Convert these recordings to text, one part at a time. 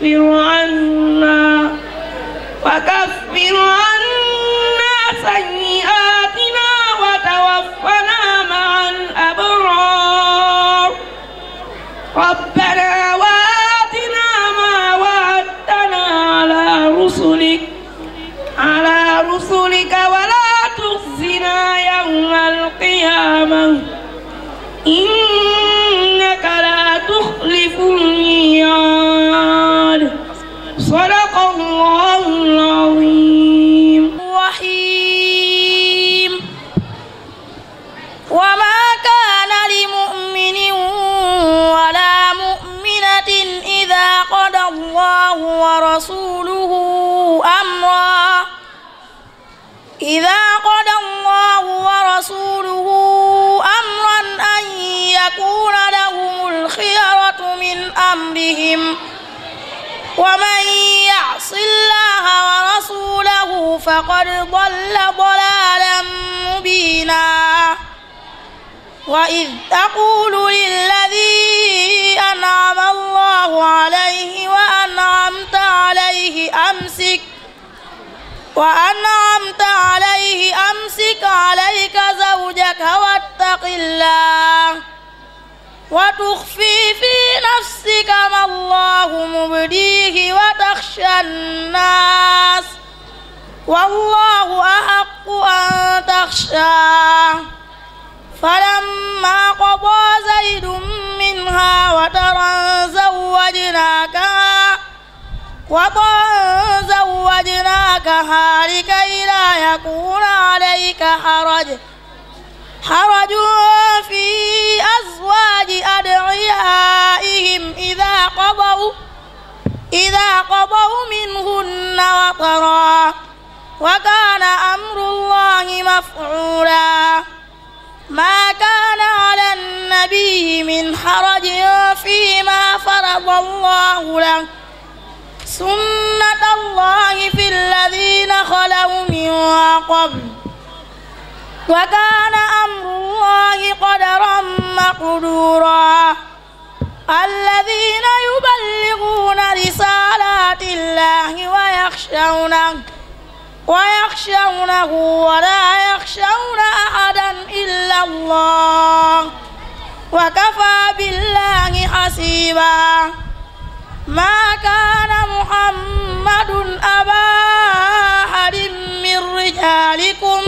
We run. ورسوله أمرا إذا قضى الله ورسوله أمرا أن يكون لهم الخيرة من أمرهم ومن يعص الله ورسوله فقد ضل ضلالا مبينا وإذ تقول للذي أنعم الله عليه وأنعمت عليه أمسك وأنعمت عليه أمسك عليك زوجك واتق الله وتخفي في نفسك ما الله مبديه وتخشى الناس والله أحق أن تخشاه وقضى زيد منها وترا زوجناكها وطن زوجناكها لكي لا يكون عليك حرج حرج في أزواج أدعيائهم إذا قضوا إذا قضوا منهن وطرا وكان أمر الله مفعولا ما كان على النبي من حرج فيما فرض الله له سنة الله في الذين خلوا من قبل وكان أمر الله قدرا مقدورا الذين يبلغون رسالات الله ويخشونه ويخشونه ولا يخشون أحدا إلا الله وكفى بالله حسيبا ما كان محمد أبا أحد من رجالكم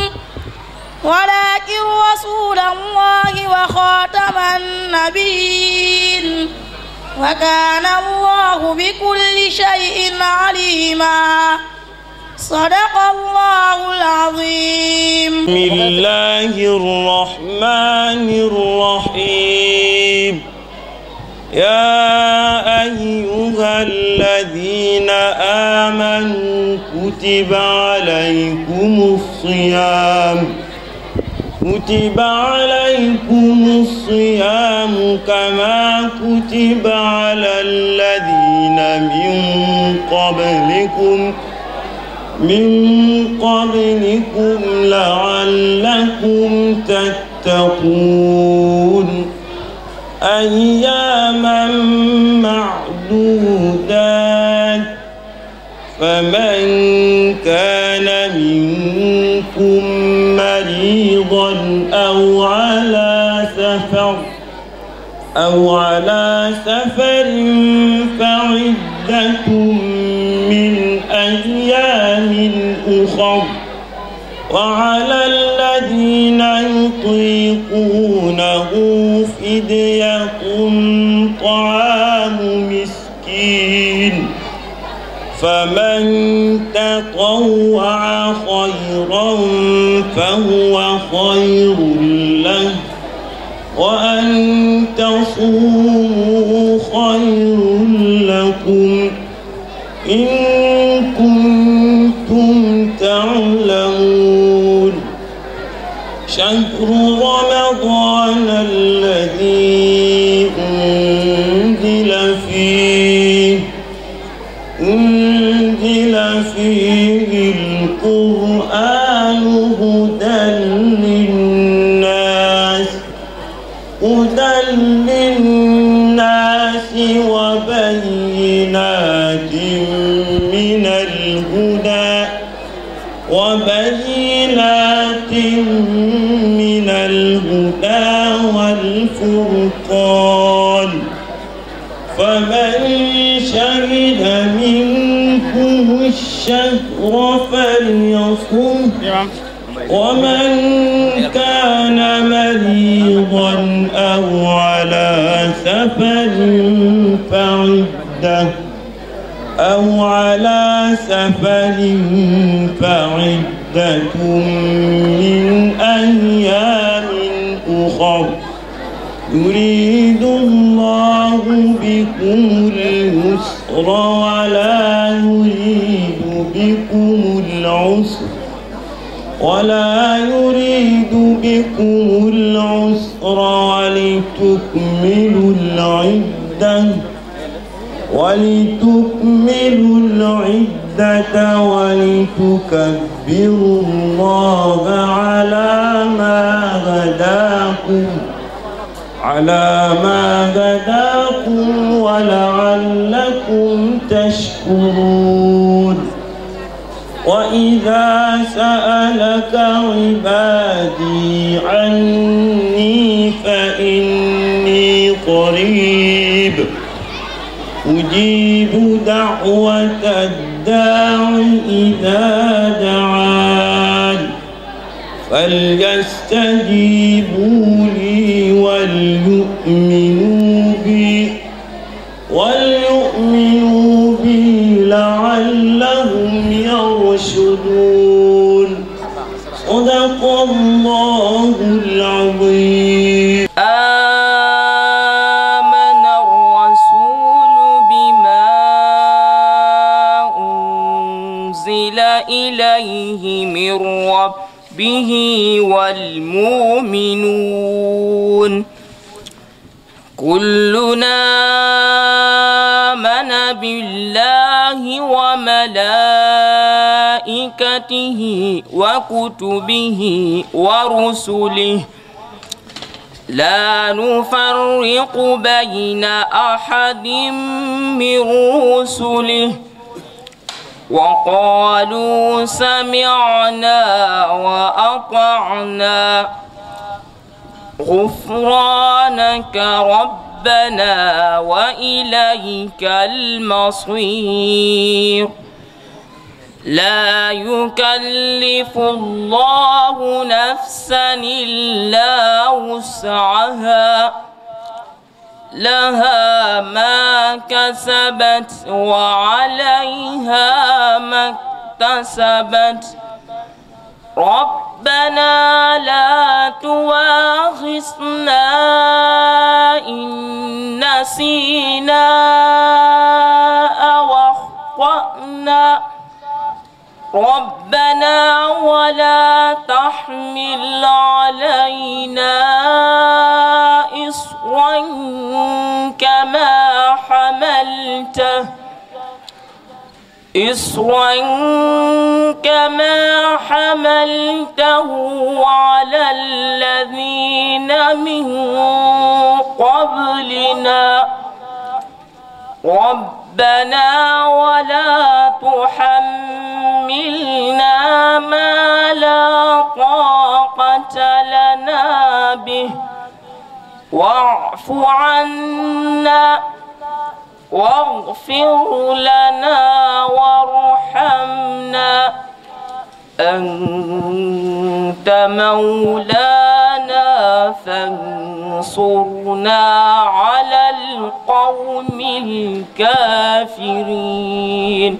ولكن رسول الله وخاتم النبيين وكان الله بكل شيء عليما صدق الله العظيم بسم الله الرحمن الرحيم يا أيها الذين آمنوا كتب عليكم الصيام كتب عليكم الصيام كما كتب على الذين من قبلكم من قبلكم لعلكم تتقون أياما معدودات فمن كان منكم مريضا أو على سفر أو على سفر فعدة أخر وعلى الذين يطيقونه فدية طعام مسكين فمن تطوع خيرا فهو خير له وأن تصوموا خير لكم إن شهر رمضان الشهر فليصم ومن كان مريضا أو على سفر فعدة أو على سفر فعدة من أيام أخر يريد الله بكم اليسر ولا ولا يريد بكم العسر ولتكملوا العدة ولتكملوا العدة ولتكبروا الله على ما هداكم على ما هداكم ولعلكم تشكرون وإذا سألك عبادي عني فإني قريب أجيب دعوة الداع إذا دعان فليس به والمؤمنون كلنا آمن بالله وملائكته وكتبه ورسله لا نفرق بين أحد من رسله وقالوا سمعنا وأطعنا غفرانك ربنا وإليك المصير لا يكلف الله نفسا إلا وسعها لها ما كسبت وعليها ما اكتسبت ربنا لا تواخصنا إن نسينا ربنا ولا تحمل علينا إصرا كما حملته إصرا كما حملته على الذين من قبلنا ربنا ولا تحملنا ما لا طاقة لنا به واعف عنا واغفر لنا وارحمنا أنت مولانا فانصرنا على القوم الكافرين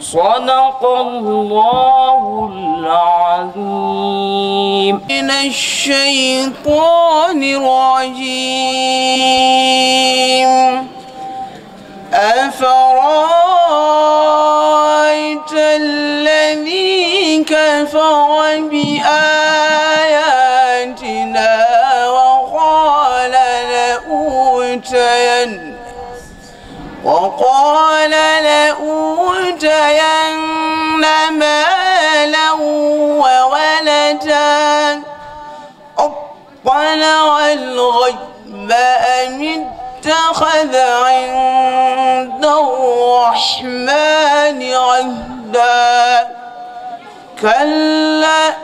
صدق الله العظيم من الشيطان الرجيم أفرأ أرأيت الذي كفر بآياتنا وقال لأوتين وقال لأوتين مالا وولدا أطلع الغيب أم اتخذ عند الرحمن عهدا كلا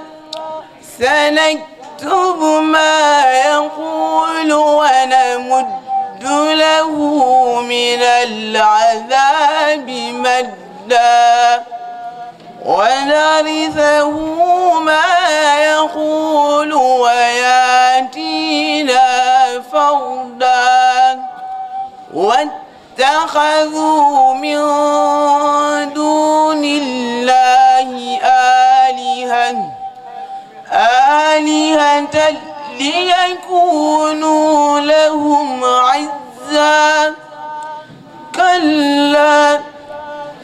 سنكتب ما يقول ونمد له من العذاب مدا ونرثه ما يقول وياتينا فردا واتخذوا من دون الله آلهة آلهة ليكونوا لهم عزا كلا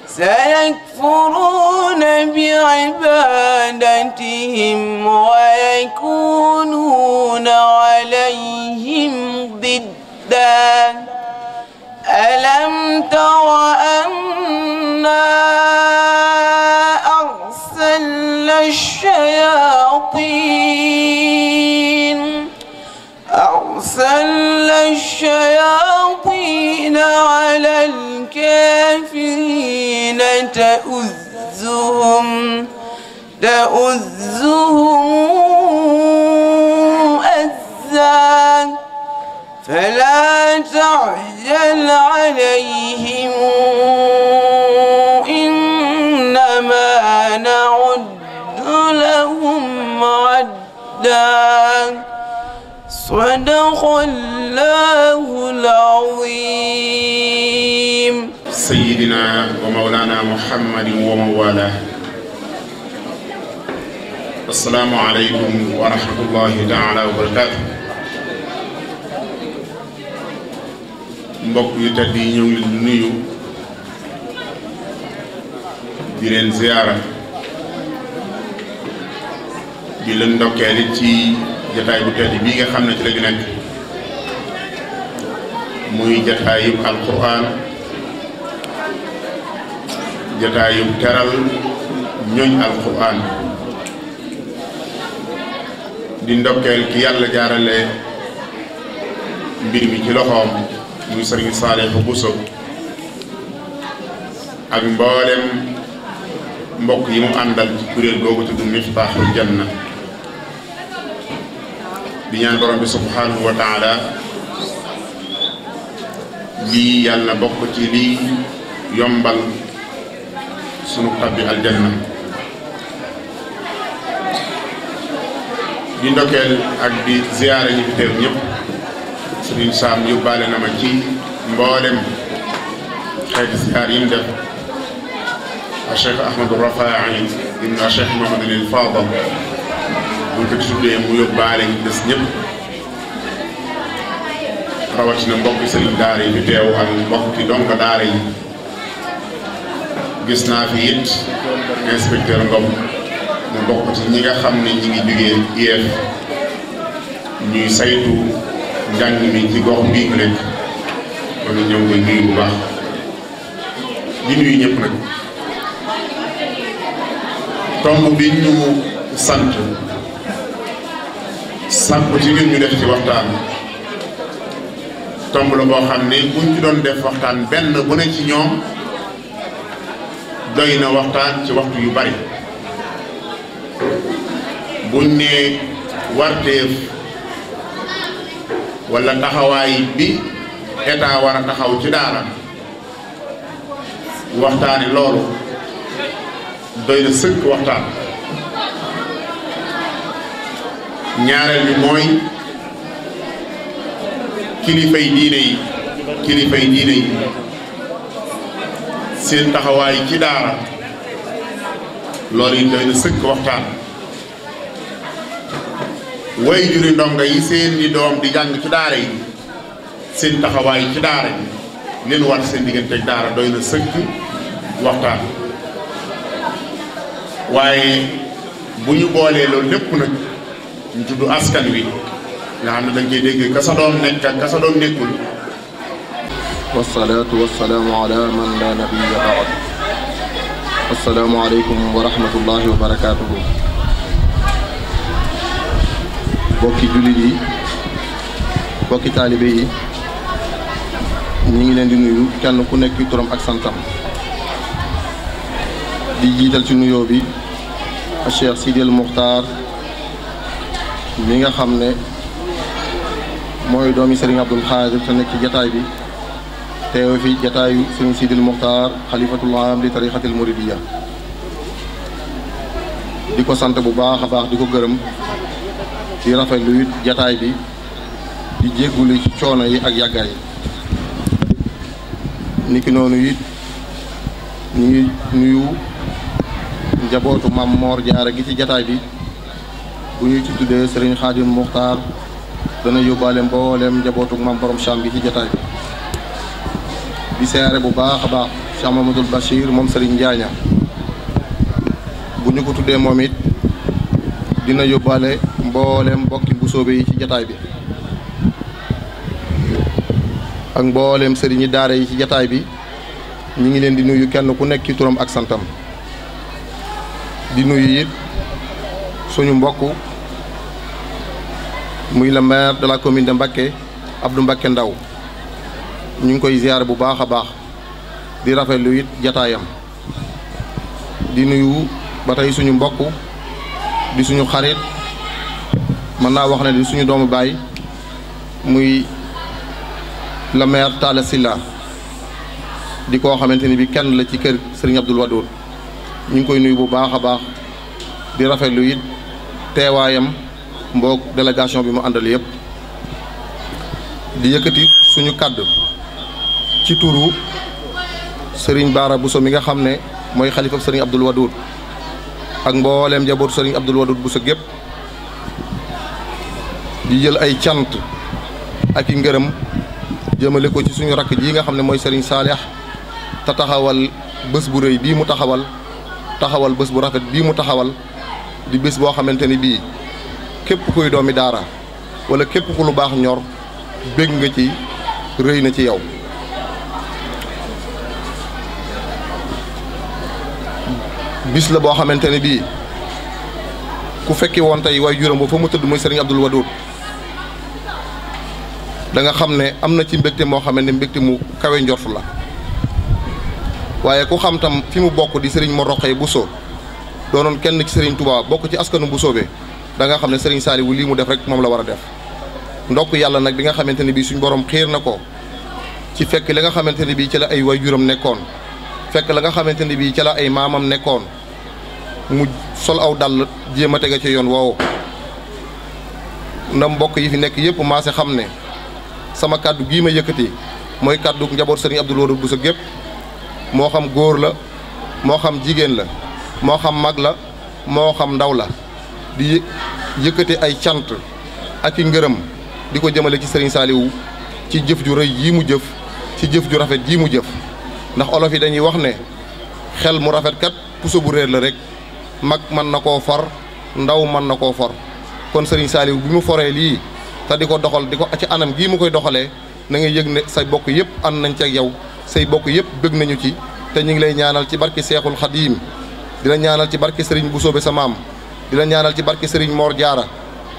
سيكفرون بعبادتهم ويكونون عليهم ضدًا ألم تر أنا أرسلنا الشياطين أرسلنا الشياطين على الكافرين تؤزهم تؤزهم أزا فلا تعلم بل عليهم إنما نعد لهم عدا صدق الله العظيم سيدنا ومولانا محمد ومن السلام عليكم ورحمة الله تعالى وبركاته mbokk yu tedd yi ñëw leen nuyu di leen ziyaara di leen ndokkeel ci jataay bu tedd bii nga xam ne ci lañu nekk muy jataayub alquran jataayub teral ñooñ alquran di ndokkeel ki yàlla jaarale mbir mi ci loxoom muy sëriñ Saalihu Buso ak mboolem mbokk yi mu àndal ci kuréel googu tudd jan Janna di ñaan borom bi subhanahu wa taala lii yàlla na bokk ci lii yombal sunu tabbi aljanna di ndokkeel ak di ziyaare ñi Serigne Sam yóbbaale na ma ci mboolem xeeti siyaar yi mu def a Cheikh Ahmadou Rafahi ibn a Cheikh Mouhamadou El Fadal bu ñu ko tuddee mu yóbbaale ñu des ñëpp rawatina mbokki sëriñ daara yi fi teew ak mbokki donga daara yi gis naa fi it inspecteur Ngom mu bokk ñi nga xam ne ñi ngi jógee IEF ñuy saytu njàng mi ci gox bii rek kon ñëw nga nuyu bu baax di nuyu ñëpp nag tomb bi ñu sant sàkku ci ñun ñu def ci waxtaan tomb la boo xam ne buñ ci doon def waxtaan benn bu ne ci ñoom doy na waxtaan ci waxtu yu bari buñ ne warteef wala taxawaay bi état war a taxaw ci daara waxtaani loolu doy na sëkk waxtaan ñaareel bi mooy kilifay diine yi kilifay diine yi seen taxawaay ci daara loolu doy na sëkk waxtaan way juri ndongo yi seen i doom di jàng ci daara yi seen taxawaay ci daara yi leen war seen diggante daara doy na sëkk waxtaan waaye bu ñu boolee loolu lépp nag ñu tudd askan wi nga xam ne dañ koy dégg ka sa doom nekk ak ka sa doom nekkul wasalaatu wasalaamu ala man la nabiya baad assalaamu aleykum wa rahmatullahi wa barakaatuhu bokki jullit yi bokki taalibe yi ñu ngi leen di nuyu kenn ku nekk turam ak santam di jiital ci nuyoo bi Cheikh Sidi El Muxtaar mi nga xam ne mooy doomi Serigne Abdul Xaadir te nekk ci jataay bi teew fi jataayu Serigne Sidi El Muxtaar xalifatul aam li tarixatil muridiya di ko sant bu baax a baax di ko gërëm ci rafetlu it jataay bi di jéggulu ci coono yi ak yàggaay nikinoonu niki noonu ngi nuyu njabootu Maam Moor Jaara gi ci jataay bi bu ñuy ci tuddee Sëriñ Xaadim Muxtaar dana yóbbaale mbooleem njabootu Maam Borom Saam gi ci jataay bi di seere bu baaxa a baax Cheikh Mamadou Bachir moom Sëriñ Njaaña bu ñu ko tuddee moom it dina yóbbaale mbooleem mbokki bu soobe ci jataay bi ak mbooleem sëriñu daara yi ci jataay bi ñu ngi leen di nuyu kenn ku nekk ci turam ak santam di nuyu it suñu mbokk muy le maire de la commune de Mbacké Abdou Mbacké Ndaw ñu ngi koy ziar bu baax a baax di rafetlu it jataayam di nuyu ba tey suñu mbokk di suñu xarit mën naa wax ne di suñu doomu baay muy le maire Talla Sylla di koo xamante ni bi kenn la ci kër Serigne Abdoul Wadoud ñu ngi koy nuyu bu baax a baax di rafetlu it teewaayam mboog délégation bi mu àndal yëpp di yëkkati suñu kàddu ci turu Serigne Bara Bousso mi nga xam ne mooy xalifa Serigne Abdoul Wadoud ak mbooleem jaboot sëriñ Abdoul Wadoud Bousso gépp di jël ay cant ak i ngërëm jëmale ko ci suñu rakk ji nga xam ne mooy Serigne Saalix te taxawal bés bu réy bii mu taxawal taxawal bés bu rafet bii mu taxawal di bés boo xamante ni bii képp kuy doomi daara wala képp ku baax ñor bégg nga ci rëy na ci yow bis la boo xamante ne bii ku fekki woon tey waaye juróom bu fa mu tëdd mooy Serigne Abdul Wadoud da nga xam ne am na ci mbégte moo xam ne mbégte mu kawe njort la waaye ku xam tam fi mu bokk di sëriñ Mor Rokhaya Bousso doonoon kenn ci sëriñ Touba bokk ci askanu Bousso bi danga xam ne sëriñ Saliou lii mu def rek moom la war a def ndokk yàlla nag bi nga xamante ne bii suñ borom xiir na ko ci fekk li nga xamante ne bii ci la ay waajuram nekkoon fekk la nga xamante ne bii ci la ay maamam nekkoon mu sol aw dàll jéem a tege ci yoon woowu ndam mbokk yi fi nekk yëpp maase xam ne. sama kàddu gii ma yëkkati mooy kàddu njaboot sëriñ Abdou Lahad Bousso gépp moo xam góor la moo xam jigéen la moo xam mag la moo xam ndaw la di yëkkati ay cant ak i ngërëm di ko jëmale ci sëriñ Saaliwu ci jëf ju rëy yii mu jëf ci jëf ju rafet jii mu jëf ndax olof yi dañuy wax ne xel mu rafet kat puso bu réer la rek mag mën na koo for ndaw mën na koo for kon sëriñ Saaliwu bi mu foree lii Tadi diko doxal diko ci anam gi mu koy doxale na nga yëg ne say bokk yep an nañ ci ak yow say bokk yep bëgg nañu ci te ñing lay ñaanal ci barki Seexul khadim dila ñaanal ci barki Serigne bu soobe sa mam dila ñaanal ci barki Serigne Mor Jaara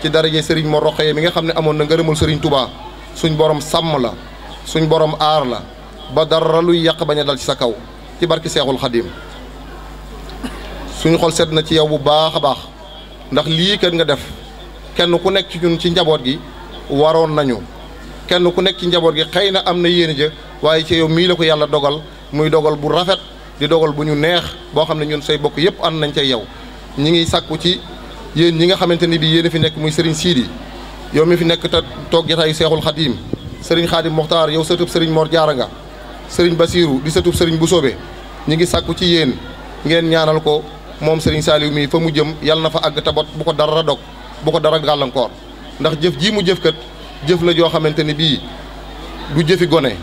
ci daraje Serigne Mor roxey mi nga xamne ne na ngërëmul Serigne Touba suñ borom sam la suñ borom ar la ba daralu yaq baña dal ci sa kaw ci barki Seexul khadim suñ xol set na ci yow bu baax ndax li kenn nga def kenn ku nek ci ñun ci njabot gi waroon nañu kenn ku nekk ci njaboot gi xëy na am na yéen ja waaye ci yow mii la ko yàlla dogal muy dogal bu rafet di dogal bu ñu neex boo xam ne ñun say bokk yëpp ànd nañ ca yow ñi ngi sàkku ci yéen ñi nga xamante ni bii yéen a fi nekk muy Serigne Sidi yow mi fi nekk te toog jataayu Seexul Xadiim Serigne Xaadim Moxtaar yow sëtub Serigne moor Jaara nga Serigne Basiiru di sëtub bu Busoobe ñi ngi sàkku ci yéen ngeen ñaanal ko moom Serigne Saliou mii fa mu jëm yàlla na fa àgg tabot bu ko dara dog bu ko dara gàllankoor ndax jëf ji mu jëf kat jëf la jo xamanteni bi du jëfi goné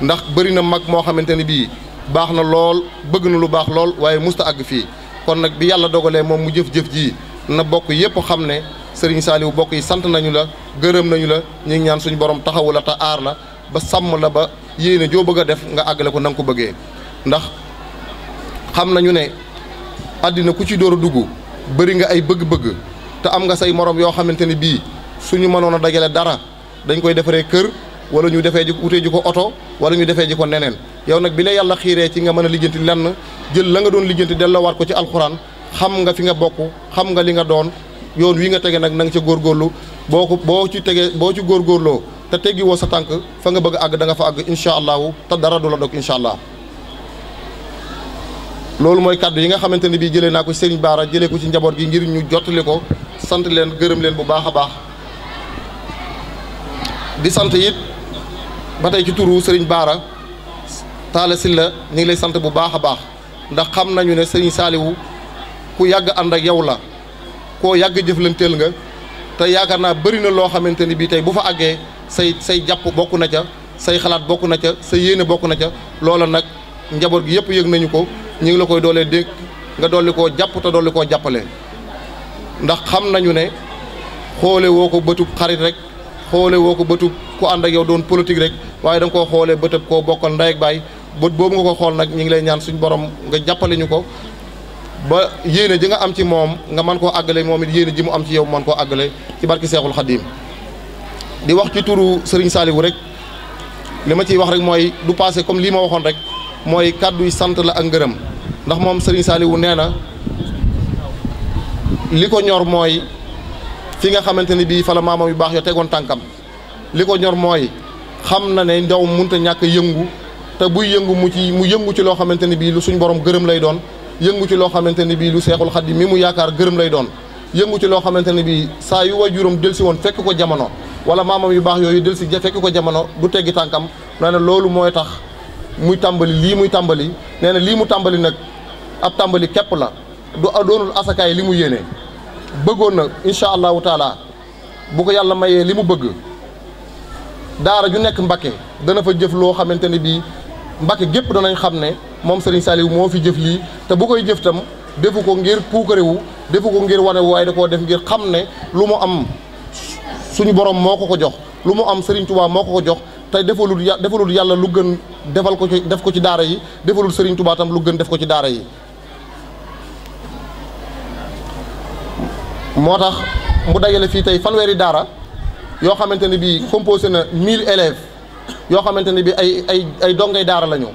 ndax bari na mag mo xamanteni bi baxna baax lool bëgg na lu bax lool waye musta ag fi kon nak bi yalla dogalé mom mu jëf-jëf ji na bokk yépp xamné serigne saliw bokk yi sant nañu la gërëm nañu la ñi ñaan suñu borom taxawu la te la ba sam la ba yéene jo bëgga def nga àggale ko nang ko bëggé ndax xam nañu né adina ku ci dooru duggu bari nga ay bëgg-bëgg te am nga say morom yo xamanteni bi suñu mënon a dara dañ koy défé kër wala ñu défé ju wutee ju ko auto wala ñu défé ji ko nenen yow nak bi la yalla xiré ci nga mëna lijeenti lenn jël la nga doon lijjanti war ko ci alcorane xam nga fi nga bokk xam nga li nga doon yoon wi nga tege nak nang ci gor gorlu boo bo ci tégué bo ci gorlo ta téggi wo sa tank fa nga bëgg ag da nga fa ag inshallah ta dara du la dok inshallah moy kaddu yi nga xamanteni bi jëlé Serigne Bara jëlé ko ci njabot gi ngir ñu jottali ko sant leen gërëm leen bu baaxa baax di sant it ba tey ci turu sëriñ Baara Talla Sylla ñu ngi lay sant bu baax a baax ndax xam nañu ne sëriñ Saaliwu ku yàgg ànd ak yow la koo yàgg jëf jëflanteel nga te yaakaar naa bëri na loo xamante ni bii tey bu fa àggee say say jàpp bokk na ca say xalaat bokk na ca say yéene bokk na ca loola nag njaboot gi yëpp yëg nañu ko ñu ngi la koy doolee dénk nga dolli koo jàpp te dolli koo jàppale ndax xam nañu ne xoole woo ko bëtu xarit rek xoole woo ko bëtu ku ànd ak yow doon politique rek waaye da nga koo xoolee bëtëb koo bokkal ndey ak baay bët boobu nga ko xool nag ñu ngi lay ñaan suñu borom nga jàppale ñu ko ba yéene ji nga am ci moom nga mën koo àggale moom it yéene ji mu am ci yow man koo àggale ci barki Seexul Xadiim di wax ci turu sëriñ Saliou rek li ma ciy wax rek mooy du passé comme lii ma waxoon rek mooy kàddu yi sant la ak ngërëm ndax moom Serigne Saliou nee na li ko ñor mooy. fi nga xamanteni bi fa la mamam yu bax yo ya tegon tankam liko ñor moy xam na ne ndaw munta ñak yeungu te bu yeungu mu ci mu yeungu ci lo xamanteni bi lu suñ borom gëreem lay doon yeungu ci lo xamanteni bi lu seexul khadim mi mu yaakar gëreem lay doon yeungu ci lo xamanteni bi sa yu wajurum del ci won fekk ko jamono wala mamam yu baax yooyu del si fekk ko jamono bu teggi tankam na loolu tax muy tambali li muy tambali neena na mu tambali nak ab tambali kep la du adonul asakaay li mu yene bëggoon na incha allahu taala bu ko yàlla mayee li mu bëgg daara ju nekk Mbakke dana fa jëf loo xamante ni bii Mbakke gépp danañ xam ne moom Serigne Saliou moo fi jëf lii te bu koy jëf tam defu ko ngir puukarewu defu ko ngir wane waaye da koo def ngir xam ne lu mu am suñu borom moo ko ko jox lu mu am Serigne Touba moo ko ko jox tey defalul defalul yàlla lu gën defal ko ci def ko ci daara yi defalul Serigne Touba tam lu gën def ko ci daara yi. moo tax mu dajale fii tey fanweeri daara yoo xamante ne bii composé na 1000 élèves yoo xamante ne bii ay ay ay dongay daara la ñu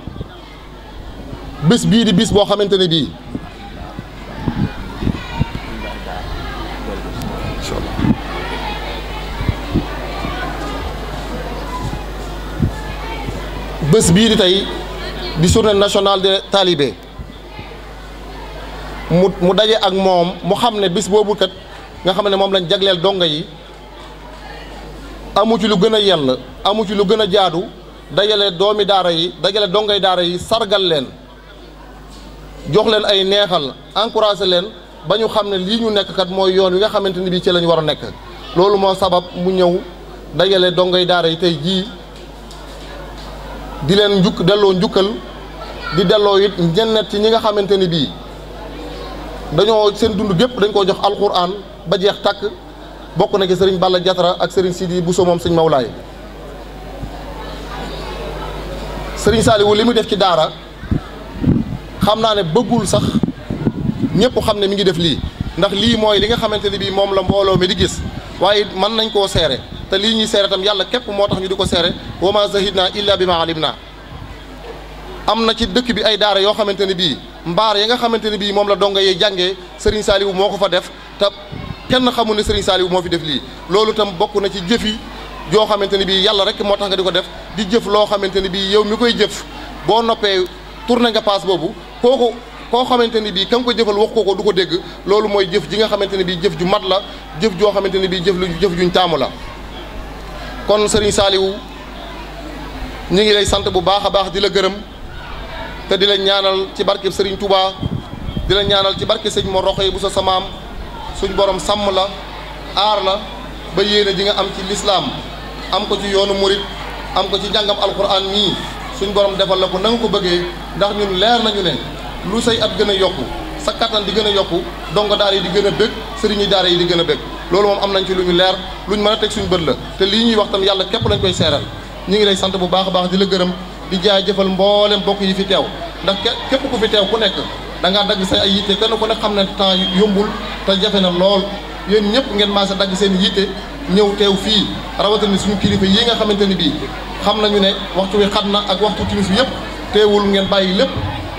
bés bii di bis boo xamante ne bii bés bii di tey di journée nationale des talibés mu mu daje ak moom mu xam ne bés boobu kat. nga xam ne moom lañ jagleel donga yi amu ci lu gën a yell amu ci lu gën a jaadu dajale doomi daara yi dajale dongo yi daara yi sargal leen jox leen ay neexal encouragé leen ba ñu xam ne lii ñu nekk kat mooy yoon wi nga xamante ni bii ci lañu war a nekk loolu moo sabab mu ñëw dajale dongo yi daara yi tey jii di leen njukk delloo njukkal di delloo it ñennet ci ñi nga xamante ni bii dañoo seen dund gépp dañ koo jox alxuraan ba jeex tàkk bokk na ci sëriñ Balla Jatara ak sëriñ Sidi Bousso moom sëñ Mawlaay sëriñ Saliou li mu def ci daara xam naa ne bëggul sax ñëpp xam ne mi ngi def lii ndax lii mooy li nga xamante ne bii la mbooloo mi di gis waaye mën nañ koo seere te lii ñuy seere tam yàlla képp moo ñu di ko seere zahidna illa bi ma alim naa am na ci dëkk bi ay daara yoo xamante ne bii ya nga xamante ne bii la donga yee jàngee sëriñ Saliou fa def te kenn xamul ne Serigne Saliou moo fi def lii loolu itam bokk na ci jëf joo xamante ne bii yàlla rek moo tax nga di ko def di jëf loo xamante ne bii yow mi koy jëf boo noppee tourné nga paas boobu kooku koo xamante ni bii ka ko jëfal wax kooko du ko dégg loolu mooy jëf ji nga xamante ne bii jëf ju mat la jëf joo xamante ni bii jëf lu jëf juñ taamu la kon Serigne Saliou ñu ngi lay sant bu baax a baax di la gërëm te di la ñaanal ci barkeb Serigne Touba di la ñaanal ci barke sëñ Mor Roxaya bu sa samaam suñ borom sàmm la aar la ba yéene ji nga am ci lislaam am ko ci yoonu murit am ko ci njàngam alquran mii suñ borom defal la ko na nga ko bëggee ndax ñun leer nañu ne lu say at gën a yokk sa kattan di gën a yokku dongo daara yi di gën a bëgg sëriñu daara yi di gën a bëgg loolu moom am nañ ci lu ñu leer luñ mën a teg suñ bët la te lii ñuy wax tam yàlla képp lañ koy seeral ñu ngi lay sant bu baax a baax di la gërëm di jaay jëfal mboolem bokk yi fi teew ndax képp ku fi ku nekk da ngaa dagg say ay yitte kenn ku ne xam ne temps yombul te jafe na lool yéen ñëpp ngeen maase dagg seen yitte ñëw teew fii rawatina suñu kilifa yi nga xamante ni bii xam nañu ne waxtu wi xam na ak waxtu timis yëpp teewul ngeen bàyyi lépp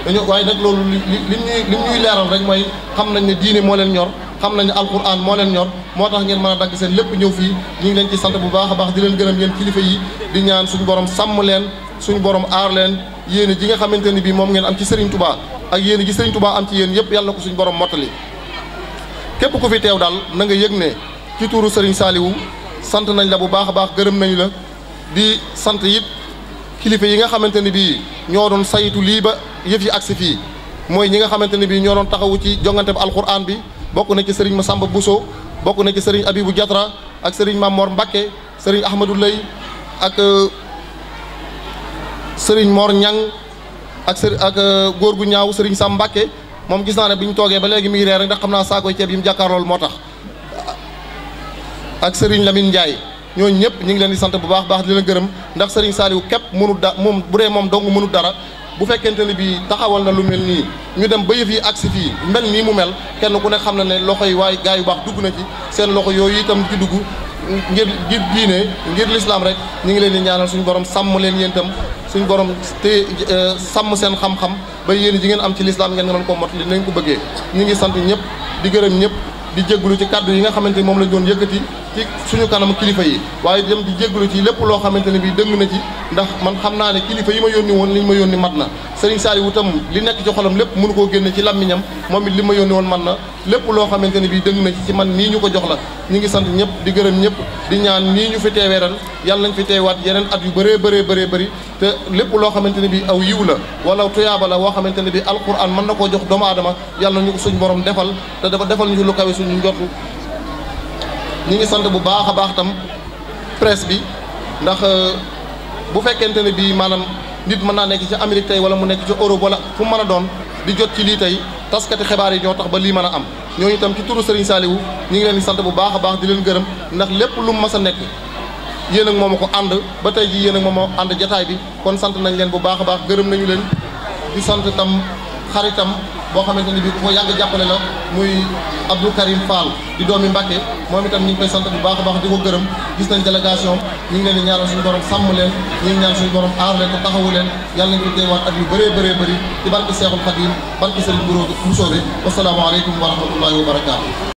dañu waaye nag loolu li li ñuy li leeral rek mooy xam nañ ne diine moo leen ñor xam nañ ne alquran moo leen ñor moo tax ngeen mën a dagg seen lépp ñëw fii ñu ngi leen ci sant bu baax a baax di leen gërëm yéen kilifa yi di ñaan suñu borom sàmm leen suñu borom aar leen yéen ji nga xamante ni bii moom ngeen am ci Serigne Touba ak yéen ji Serigne Touba am ci yéen yëpp yàlla ko suñu borom mottali képp ku fi teew dal na nga yëg ne ci touru Serigne Saliou sant nañ la bu baax baax gërëm nañ la di sant yit kilifa yi nga xamanteni bi bii ñoo doon saytu li ba yëf yi aksi fi moy ñi nga xamanteni bi bii ñoo doon taxawu ci jongante bi alxuraan bi bokku na ci Serigne Massamba busso bokku na ci Serigne Abibou jatra ak Serigne Mamor mbake Serigne Ahmadou Lay ak euh, Serigne Mor Ñang ak ak euh, gorgu Serigne Sam moom gis naa ne bi ñu toogee ba léegi mi ngi reer rek ndax xam naa saako ceeb yi mu jàkkaarlool moo tax ak Serigne Lamine Ndiaye ñooñu ñëpp ñu ngi leen di sant bu baax baax di leen gërëm ndax Serigne Saliou képp mënut da moom bu dee moom dong mënut dara bu fekkente ni bii taxawal na lu mel nii ñu dem ba fii yi agsi fii mel nii mu mel kenn ku ne xam na ne loxo yi waaye gaa yu baax dugg na ci seen loxo yooyu itam ci dugg ngir ngir diine ngir lislaam rek ñu ngi leen di ñaanal suñu borom sàmm leen yéen itam suñu borom te eh, sàmm seen xam ba yéen ji ngeen am ci lislaam ngeen mën koo mot li ko bëggee ñu ngi sant ñëpp di gërëm ñëpp di jégalu ci kàddu yi nga xamante ni moom la doon yëkkati ci suñu kanam kilifa yi waaye dem di jégalu ci lépp loo xamante ne bi dëng na ci ndax man xam naa ne kilifa yi ma yónni woon li ñu ma yónni mat na Serigne Saliou tam li nekk ci xolam lépp mënu koo génne ci làmmiñam moom it li ma yónni woon man na lépp loo xamante ne bi dëng na ci ci man nii ñu ko jox la ñu ngi sant ñëpp di gërëm ñëpp di ñaan nii ñu fi teewee ren yàlla nañ fi teewaat yeneen at yu bëree bëree bëree bëri te lépp loo xamante ne bi aw yiw la wala tuyaaba woo xamante ne bi alquran mën na koo jox doomu aadama yàlla ñu borom defal te dafa defal lu kawe suñu njortu ñi ngi sant bu baax a baax tam presse bi ndax euh, bu fekkente ne bii maanaam nit mën naa nekk ci Amérique tey wala mu nekk ci Europe wala fu mën a doon di jot ci lii tey taskati xibaar yi ñoo tax ba lii mën a am ñoo ñooñu itam ci turu Serigne Saliou ñi ngi leen di sant bu baax a baax di leen gërëm ndax lépp lu mu mas a nekk yéen ak moom a ko ànd ba tey jii yéen ak moom a ànd jataay bi kon sant nañ leen bu baax a baax gërëm nañu leen di sant tam xaritam boo xamante ni bii ku ko yàgg jàppale la muy Abdou Karim Fall di doomi Mbàkke moom itam ñu ngi koy sant bu baax baax di ko gërëm gis nañ délégation ñu ngi leen di ñaanal suñu borom sàmm leen ñu ngi ñaan suñu borom aar leen ko taxawu leen yàlla nañ ko teewaat at yu bëree bëree bëri ci barke Seexul Xadim barke Sëriñ Bousso bi wasalaamaaleykum wa rahmatullahi wa barakaatu